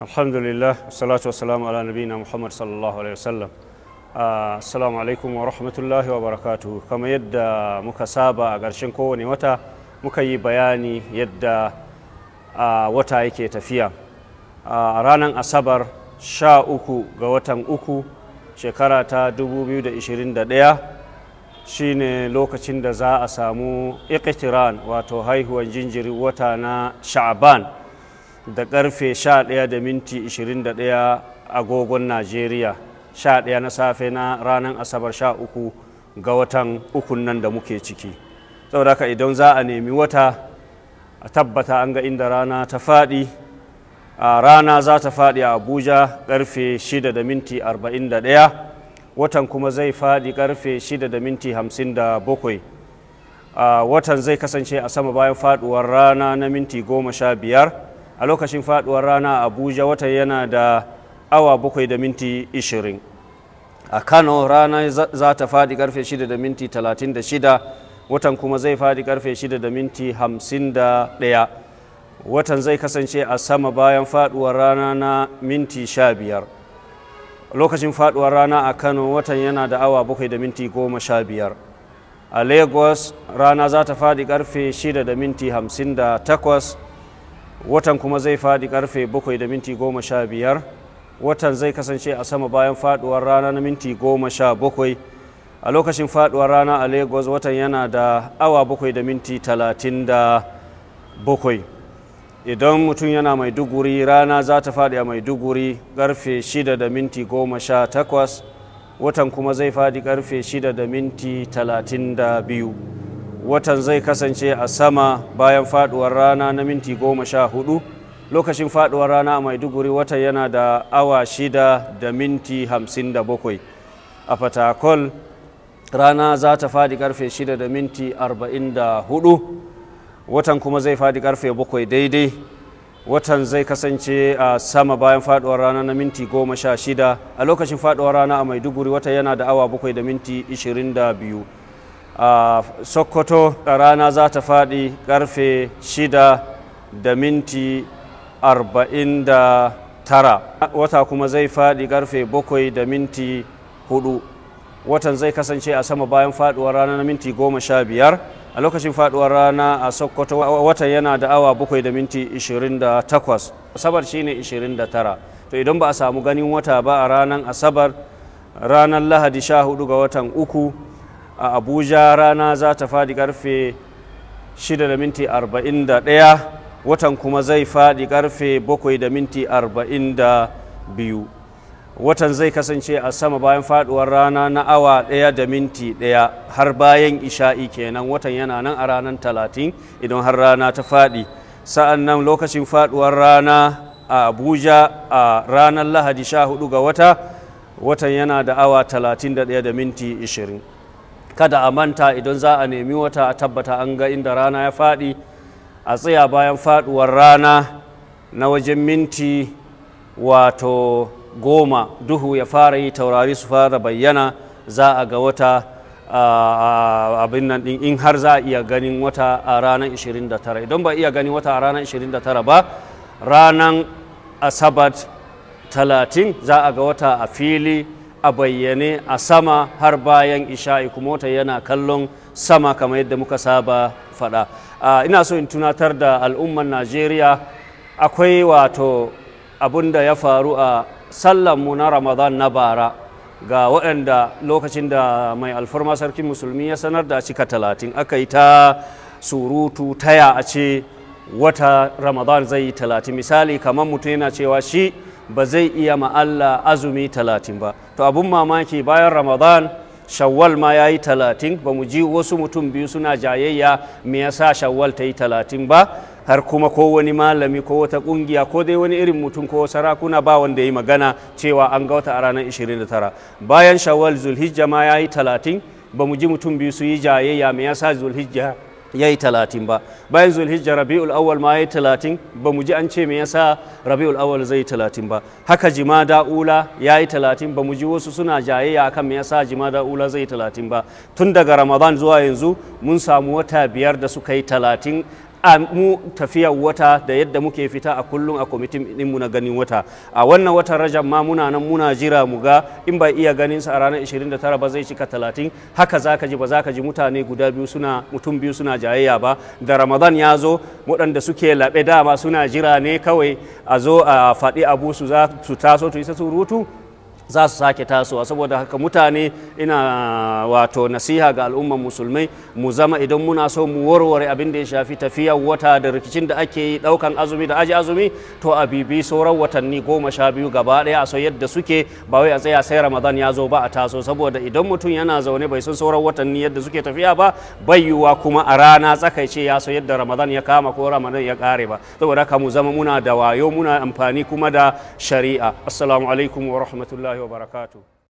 alhamdulillah salatu wasalamu ala na muhammad sallallahu alaihi wasallam ah, assalamu alaikum wa rahmatullahi wa barakatu. kamar yadda muka saba a ƙarshen kowane wata muka yi bayani yadda ah, wata yake tafiya a ah, ranar asabar sha uku ga watan uku shekara ta 2021 shine lokacin da za a samu iqtiran wato haihuwan jinjiri wata na sha'aban da karfe 11 da minti 21 agogon najeriya 11 na safe na ranar asabar 13 ga watan ukun nan da muke ciki saboda haka idan za a nemi wata a tabbata an ga inda rana ta faɗi a rana za ta faɗi a abuja karfe 6 da minti 41 watan kuma zai faɗi karfe 6 da minti 57 watan zai kasance a sama bayan faduwar rana na minti goma sha biyar a lokacin faduwar rana abuja watan yana da awa bakwai da minti 20 a kano rana za ta fadi karfe 6 da minti 36 watan kuma zai fadi karfe 6 da minti 51 watan zai kasance a sama bayan faduwar rana na minti 15 lokacin faduwar rana a kano watan yana da awa bakwai da minti 15 a lagos rana za ta fadi karfe 6 da minti 58 watan kuma zai faɗi karfe 7 da minti 15 watan zai kasance a sama bayan faduwar rana na minti 17 a lokacin faduwar rana a lagos watan yana da awa 7 da minti 37 idan mutum yana mai duguri, rana za ta faɗi a mai duguri karfe 6 da minti 18 watan kuma zai faɗi karfe 6 da minti 32 watan zai kasance a sama bayan faduwar rana na minti goma sha hudu lokacin faduwar rana a maiduguri watan yana da awa shida da minti hamsin da bakwai a fatakol rana za ta fadi karfe shida da minti arba'in da hudu watan kuma zai fadi karfe bakwai daidai watan zai kasance a sama bayan faduwar rana na minti goma sha shida a lokacin faduwar rana a maiduguri watan yana da awa bakwai da minti ishirin da biyu a sokoto rana za ta faɗi ƙarfe shida da minti arba'in da tara wata kuma zai faɗi ƙarfe bakwai da minti 4 watan zai kasance a sama bayan faɗuwar rana na minti goma sha biyar a lokacin faduwar rana a sokoto watan yana da awa 7 da minti 28 asabar shine 29 to idan ba a samu ganin wata ba a ranar asabar ranar lahadi 14 ga watan uku a abuja rana za ta faɗi karfe 6.41 da watan kuma zai faɗi karfe 7.42 da minti watan zai kasance a sama bayan faduwar rana na awa ɗaya da minti ɗaya har bayan isha'i kenan watan yana nan a ranar 30 idan har rana ta faɗi sa'an nan lokacin faduwar rana a abuja a ranar lahadi 14 ga wata watan yana da awa 31 da minti 20 kada a manta idan za a nemi wata a tabbata an ga inda rana ya faɗi a tsaya bayan faɗuwar rana na wajen minti wato goma duhu ya fara yi taurari su fara bayyana za a ga wata abin nan ɗin in har za a iya ganin wata a ranar 29 idan ba iya ganin wata a ranar 29 ba ranar asabar 30 za a ga wata a fili a bayyane a sama har bayan isha'i kuma wata yana kallon sama kamar yadda muka saba faɗa ina so in tunatar da al'umman najeriya akwai wato abin da ya faru a sallanmu na ramadan na bara ga waɗanda lokacin da mai alfarma sarkin musulmi ya sanar da cika talatin aka yi ta surutu taya a ce wata ramadan zai yi talatin misali kamar mutum yana cewa shi ba zai iya ma Allah azumi talatin ba to abun mamaki bayan ramadan shawwal ma ya yi talatin ba mu ji wasu mutum biyu suna jayayya me yasa shawwal ta yi talatin ba har kuma ko wani malami ko wata kungiya ko dai wani irin mutum ko sarakuna ba wanda ya yi magana cewa an ga wata a ranar 29 bayan shawwal zulhijja ma ya yi talatin ba mu ji mutum biyu su yi jayayya me yasa zulhijja ya yi talatin ba bayan zulhijja rabi'ul awwal ma ya yi talatin ba mu ji an ce me yasa rabi'ul awwal zai yi talatin ba haka jima da'ula ya yi talatin ba mu ji wasu suna jayayya kan me yasa jima da'ula zai yi talatin ba tun daga ramadan zuwa yanzu mun samu wata biyar da suka yi talatin a mu tafiya wata da yadda muke fita a kullum a kwamitin mu na ganin wata a wannan watan rajab ma muna nan muna jira mu ga in ba iya ganin sa a ranar 29 ba zai cika 30 haka zaka ji ba zaka ji mutane guda biyu suna mutum biyu suna jayayya ba da ramadan ya zo waɗanda suke laɓe dama suna jira ne kawai a zo a faɗi abu su za su taso su isa su rutu za su sake tasowa saboda haka mutane ina wato nasiha ga al'umman musulmai mu zama idan muna so mu warware abin da ya shafi tafiya wata da rikicin da ake yi daukan azumi da aji azumi to a bibi sauran watanni goma sha biyu gaba daya a so yadda suke ba wai a tsaya sai ramadan ya zo ba a taso saboda idan mutum yana zaune bai san sauran watanni yadda suke tafiya ba bai yiwuwa kuma a rana tsakaice ya so yadda ramadan ya kama ko ramadan ya kare ba saboda haka mu zama muna da wayo muna amfani kuma da shari'a assalamu alaikum wa rahmatullahi wa barakatuh